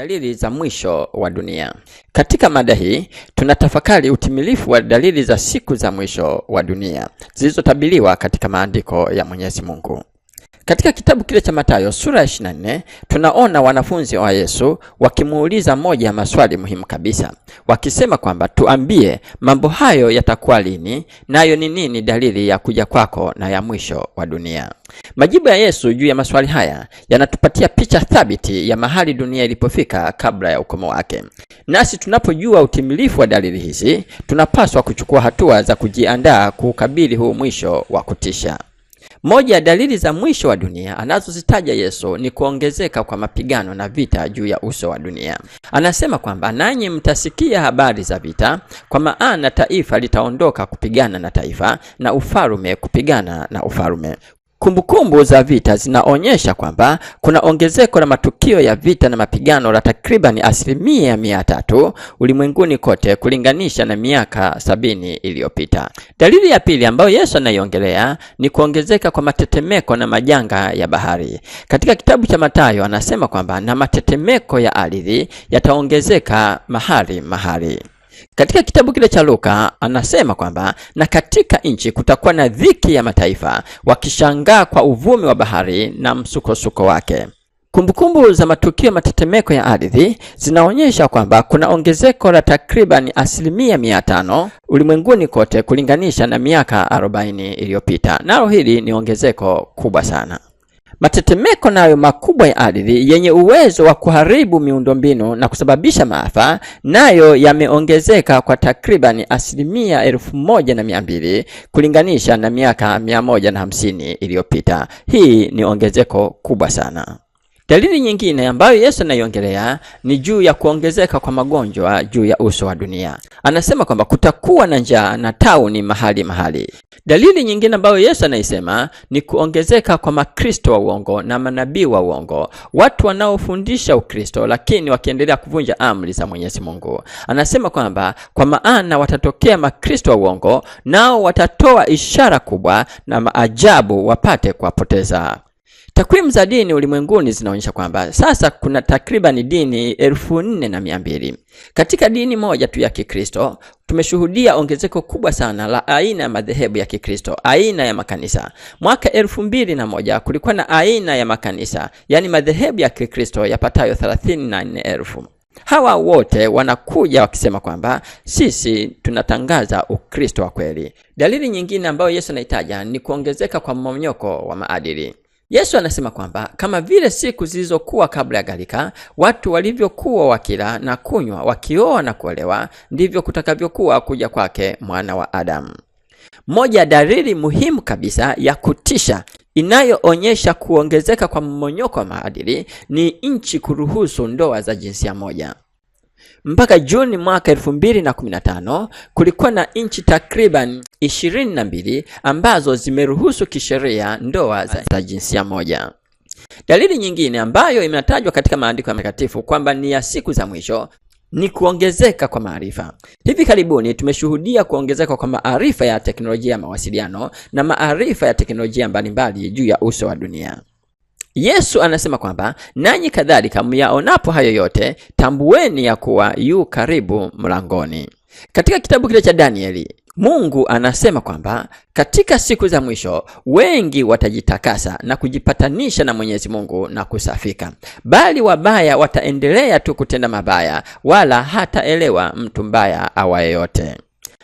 Dalili za mwisho wa dunia. Katika mada hii tunatafakari utimilifu wa dalili za siku za mwisho wa dunia zilizotabiliwa katika maandiko ya Mwenyezi Mungu. Katika kitabu kile cha Mathayo sura ya 24 tunaona wanafunzi wa Yesu wakimuuliza moja ya maswali muhimu kabisa, wakisema kwamba tuambie, mambo hayo yatakuwa lini, nayo ni nini dalili ya kuja kwako na ya mwisho wa dunia? Majibu ya Yesu juu ya maswali haya yanatupatia picha thabiti ya mahali dunia ilipofika kabla ya ukomo wake. Nasi tunapojua utimilifu wa dalili hizi, tunapaswa kuchukua hatua za kujiandaa kuukabili huu mwisho wa kutisha. Moja ya dalili za mwisho wa dunia anazozitaja Yesu ni kuongezeka kwa mapigano na vita juu ya uso wa dunia. Anasema kwamba nanyi mtasikia habari za vita, kwa maana taifa litaondoka kupigana na taifa na ufalume kupigana na ufalume. Kumbukumbu za vita zinaonyesha kwamba kuna ongezeko la matukio ya vita na mapigano la takriban asilimia mia tatu ulimwenguni kote kulinganisha na miaka sabini iliyopita. Dalili ya pili ambayo Yesu anaiongelea ni kuongezeka kwa matetemeko na majanga ya bahari. Katika kitabu cha Mathayo anasema kwamba na matetemeko ya ardhi yataongezeka mahali mahali. Katika kitabu kile cha Luka anasema kwamba na katika nchi kutakuwa na dhiki ya mataifa, wakishangaa kwa uvumi wa bahari na msukosuko wake. Kumbukumbu za matukio ya matetemeko ya ardhi zinaonyesha kwamba kuna ongezeko la takriban asilimia mia tano ulimwenguni kote kulinganisha na miaka 40 iliyopita. Nalo hili ni ongezeko kubwa sana. Matetemeko nayo makubwa ya ardhi yenye uwezo wa kuharibu miundombinu na kusababisha maafa nayo yameongezeka kwa takriban asilimia elfu moja na mia mbili kulinganisha na miaka mia moja na hamsini iliyopita. Hii ni ongezeko kubwa sana. Dalili nyingine ambayo Yesu anaiongelea ni juu ya kuongezeka kwa magonjwa juu ya uso wa dunia. Anasema kwamba kutakuwa na njaa na tauni mahali mahali. Dalili nyingine ambayo Yesu anaisema ni kuongezeka kwa makristo wa uongo na manabii wa uongo, watu wanaofundisha Ukristo lakini wakiendelea kuvunja amri za Mwenyezi Mungu. Anasema kwamba kwa maana watatokea makristo wa uongo, nao watatoa ishara kubwa na maajabu wapate kuwapoteza. Takwimu za dini ulimwenguni zinaonyesha kwamba sasa kuna takribani dini elfu nne na mia mbili. Katika dini moja tu ya Kikristo tumeshuhudia ongezeko kubwa sana la aina ya madhehebu ya Kikristo, aina ya makanisa. Mwaka elfu mbili na moja kulikuwa na aina ya makanisa, yaani madhehebu ya Kikristo yapatayo elfu Hawa wote wanakuja wakisema kwamba sisi tunatangaza Ukristo wa kweli. Dalili nyingine ambayo Yesu anaitaja ni kuongezeka kwa mmomonyoko wa maadili. Yesu anasema kwamba kama vile siku zilizokuwa kabla ya gharika, watu walivyokuwa wakila na kunywa, wakioa na kuolewa, ndivyo kutakavyokuwa kuja kwake mwana wa Adamu. Moja ya dalili muhimu kabisa ya kutisha inayoonyesha kuongezeka kwa mmonyoko wa maadili ni nchi kuruhusu ndoa za jinsia moja. Mpaka Juni mwaka 2015 kulikuwa na nchi takriban ishirini na mbili ambazo zimeruhusu kisheria ndoa za jinsia moja. Dalili nyingine ambayo imetajwa katika maandiko ya matakatifu kwamba ni ya siku za mwisho ni kuongezeka kwa maarifa. Hivi karibuni tumeshuhudia kuongezeka kwa maarifa ya teknolojia ya mawasiliano na maarifa ya teknolojia mbalimbali juu ya uso wa dunia. Yesu anasema kwamba nanyi kadhalika myaonapo hayo yote, tambueni ya kuwa yu karibu mlangoni. Katika kitabu kile cha Danieli Mungu anasema kwamba katika siku za mwisho wengi watajitakasa na kujipatanisha na Mwenyezi Mungu na kusafika, bali wabaya wataendelea tu kutenda mabaya, wala hataelewa mtu mbaya awaye yote.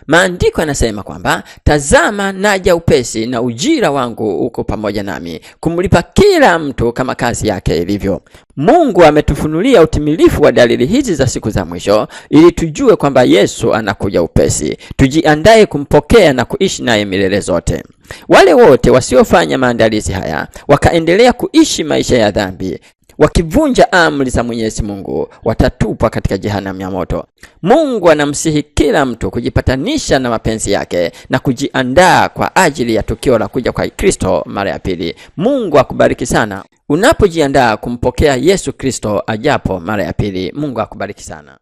Maandiko yanasema kwamba tazama, naja upesi, na ujira wangu uko pamoja nami, kumlipa kila mtu kama kazi yake ilivyo. Mungu ametufunulia utimilifu wa dalili hizi za siku za mwisho ili tujue kwamba Yesu anakuja upesi, tujiandae kumpokea na kuishi naye milele zote. Wale wote wasiofanya maandalizi haya wakaendelea kuishi maisha ya dhambi, Wakivunja amri za Mwenyezi Mungu watatupwa katika jehanamu ya moto. Mungu anamsihi kila mtu kujipatanisha na mapenzi yake na kujiandaa kwa ajili ya tukio la kuja kwa Kristo mara ya pili. Mungu akubariki sana unapojiandaa kumpokea Yesu Kristo ajapo mara ya pili. Mungu akubariki sana.